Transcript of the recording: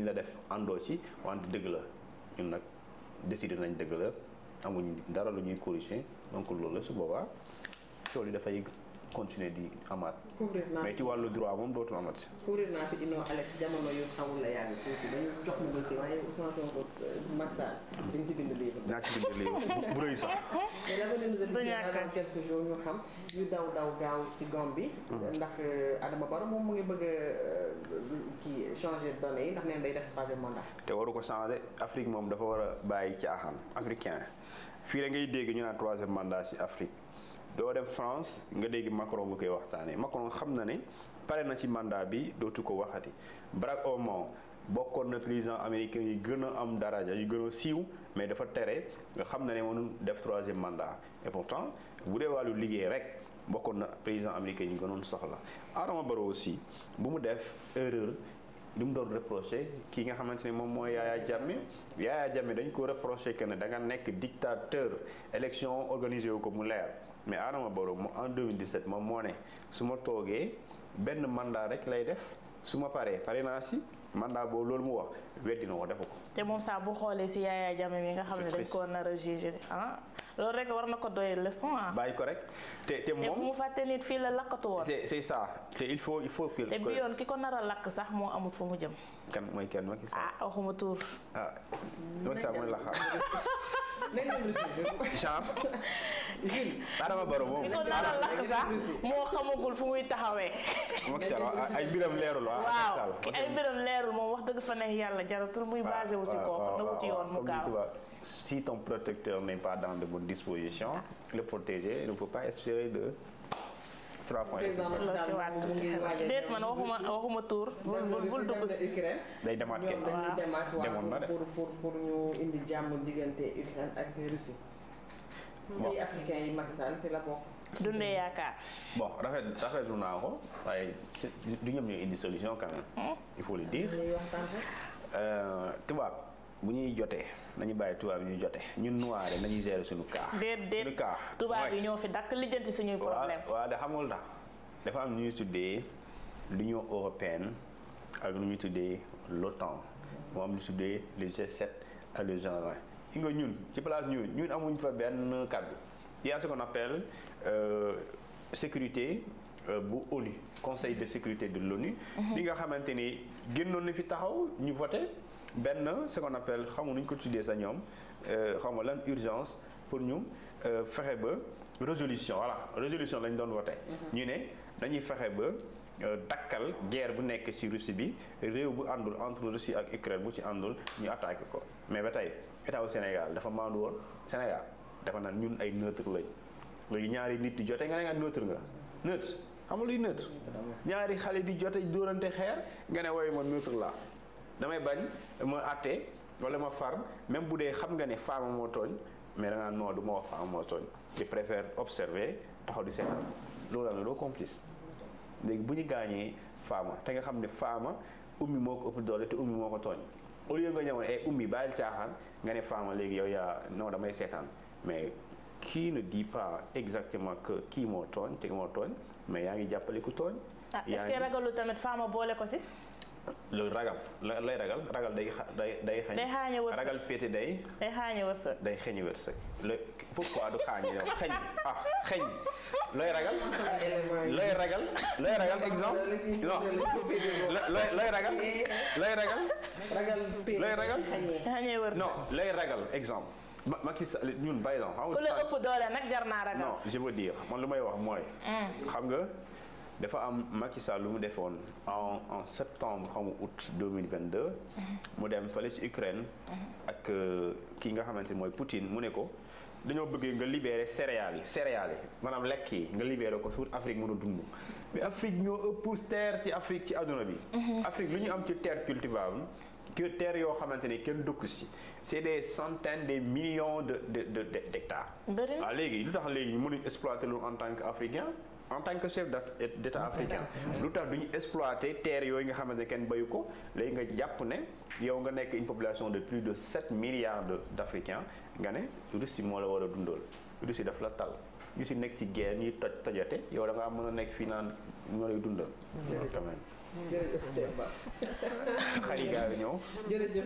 ñu la def àndoo ci wante dëgg la ñun nag décidé nañ dëgg la amuñ dara lu ñuy corriger donc loolu la su boobaa tool yi dafay continuer di amaat. mais ci wàllu droit moom dootul amaat. couvrir naa fi dinoo Alex jamono yu xawul la yàgg tuuti dañu jox ñu dossier waaye Ousmane Sonko euh, Macky Sall dañ si bind livre. naa ci bind livre bu rëy sax. bi. Mm-hmm. ndax euh, changé données yi ndax neen day def troisième te waru ko changé Afrique moom dafa war a bàyyi caaxaan africain fii rek ngay dégg ñu naan troisième mandat ci Afrique doo dem France nga dégg Macron bu koy waxtaanee Macron xam na ne pare na ci mandat bi dootu ko waxati Barack Obama bokkoon na président américain yi gën a am daraja yi gën a siiw mais dafa tere nga xam na ne mënul def troisième mandat et pourtant bu dee wàllu liggéey rek. bokkoon na président américain yi gënoon soxla Adama Barrow aussi bu mu def erreur li mu doon reproché ki nga xamante ni moom mooy Yaya Jammeh Yaya Jammeh dañ ko reproché que ne da nga nekk dictateur élection organisé wu ko mu leer mais Adama Barrow mu en 2017 moom moo ne su ma toogee benn mandat rek lay def. su ma paree pare naa si mandat boobu loolu mu wax weddi na ko defu ko. te moom saa bu xoolee si Yaya Jammeh mi nga xam ne dañ koo nara a ah loolu rek war na ko doy leçon ah. bàyyi ko rek te te moom te mu fàtte nit fii la lakkatu woon. c'est c'est ça te il faut il faut. que te bi yoon ki ko nar a lakk sax moo amul fu mu jëm. kan mooy kenn Macky Sall. ah waxuma tuur. ah Macky Sall mooy la xaar. genre. Adama Barrow moom. li ko a lakk sax moo xamagul fu muy taxawee. Macky Sall ay mbiram leerul ah, waaw. waaw ay mbiram leerul moom wax dëgg fa yàlla jaratul muy basé wu si kooku na wuti yoon mu gaaw. si ton protecteur n'est pas dans de bonnes dispositions, ah. le protéger ne peut pas espérer de. trois points de déet man waxuma waxuma tur. bul bul dugg si day demaat kenn demoon na de diggante bon africain yi Macky Sall la bokk. dundee yaakaar. bon rafet rafetlu naa ko waaye du ñoom ñooy indi solution quand il faut le dire. Euh, tubaab bu ñuy jotee nañu bàyyi tubaab yi ñuy jotee ñun noir yi nañuy gérer suñu cas. déet déet tubaab yi ñoo fi dakk lijjanti suñuy problème waaw waaw de xamul tax dafa am nu ñuy tuddee l'union européenne ak lu ñuy tuddee l'OTAN moom lu ñuy tuddee le G7 ak le g nga ñun ci place ñun ñun amuñ fa benn kàddu il y a ce qu'on appelle euh, sécurité euh, bu euh, ONU conseil de sécurité de l'ONU li mhm. nga xamante ni génnoon na fi taxaw ñu voté benn ce qu'on appelle xamu nuñ ko tuddee sa ñoom euh, xaw ma lan urgence pour ñu euh, fexe ba résolution voilà résolution lañ doon voté mhm. ñu ne dañuy fexe ba Euh, dakkal guerre bu nekk ci Russie bi réew bu àndul entre Russie ak Ukraine bu ci àndul ñu attaqué ko mais ba tey état wu Sénégal dafa maandu woon Sénégal dafa naan ñun ay neutre lañ léegi ñaari nit di jote nga ne nga neutre nga neutre xamul ñaari xale di jote dóorante xeer nga ne wooyu ma neutre laa damay bañ ma àtte wala ma far même bu dee xam nga ne faama moo tooñ mais da ngaa non ma wax faama moo tooñ di préfère observer taxaw di seetaan loolu am na doo complice léegi bu ñu gaañee faama te nga xam ne faama ummi moo ko ëpp doole te ummi moo ko tooñ au lieu nga ñëwoon ay eh, ummi bàyyil caaxaan nga ne faama léegi yow yaa non damay seetaan mais kii ne di pas exactement que kii moo tooñ te moo tooñ mais yaa ngi jàppale ku tooñ. Ah, yaa ngi que ragalu tamit faama boole ko si. loolu ragal lay ragal ragal day day day. day xaañe wërsëg ragal féete day. day xaañe wërsëg. day xeeñu wërsëg looy pourquoi du xaañe yow ah, looy ragal. looy ragal looy ragal exemple non looy ragal looy ragal. ragal looy ragal. xeeñee looy ragal exemple. ma Macky Sall ñun bàyyi la ku la ëpp doole ragal. non je veux dire man lu mm. xam nga. dafa am Macky Sall lu mu defoon en en septembre xamu août 2022 mu dem fële ci Ukraine ak euh, ki nga xamante ni mooy Poutine mu ne ko dañoo bëggee nga libéré céréales yi céréales yi maanaam lekk yi nga libéré ko suur Afrique mën a dund mais Afrique ñoo ëpp terre ci Afrique ci àdduna bi mhm. Afrique lu ñu am ci terre cultivable que terre yoo xamante ni kenn dëkku si c'est des centaines des millions de de de d'hectares waaw léegi lu tax léegi mënuñ exploiter lu en tant que africain en tant que chef d' africain lu tax du ñu exploiter terre yooyu nga ne kenn bayu ko léegi nga jàpp ne yow nga nekk une population de plus de 7 milliards de d' africains nga ne Russie moo la war a dundal Russie daf la tal si nekk ci guerre ñuy toj tojate yow da ngaa mën a nekk fii naan ñoo lay dundal. jërëjëf ñëw.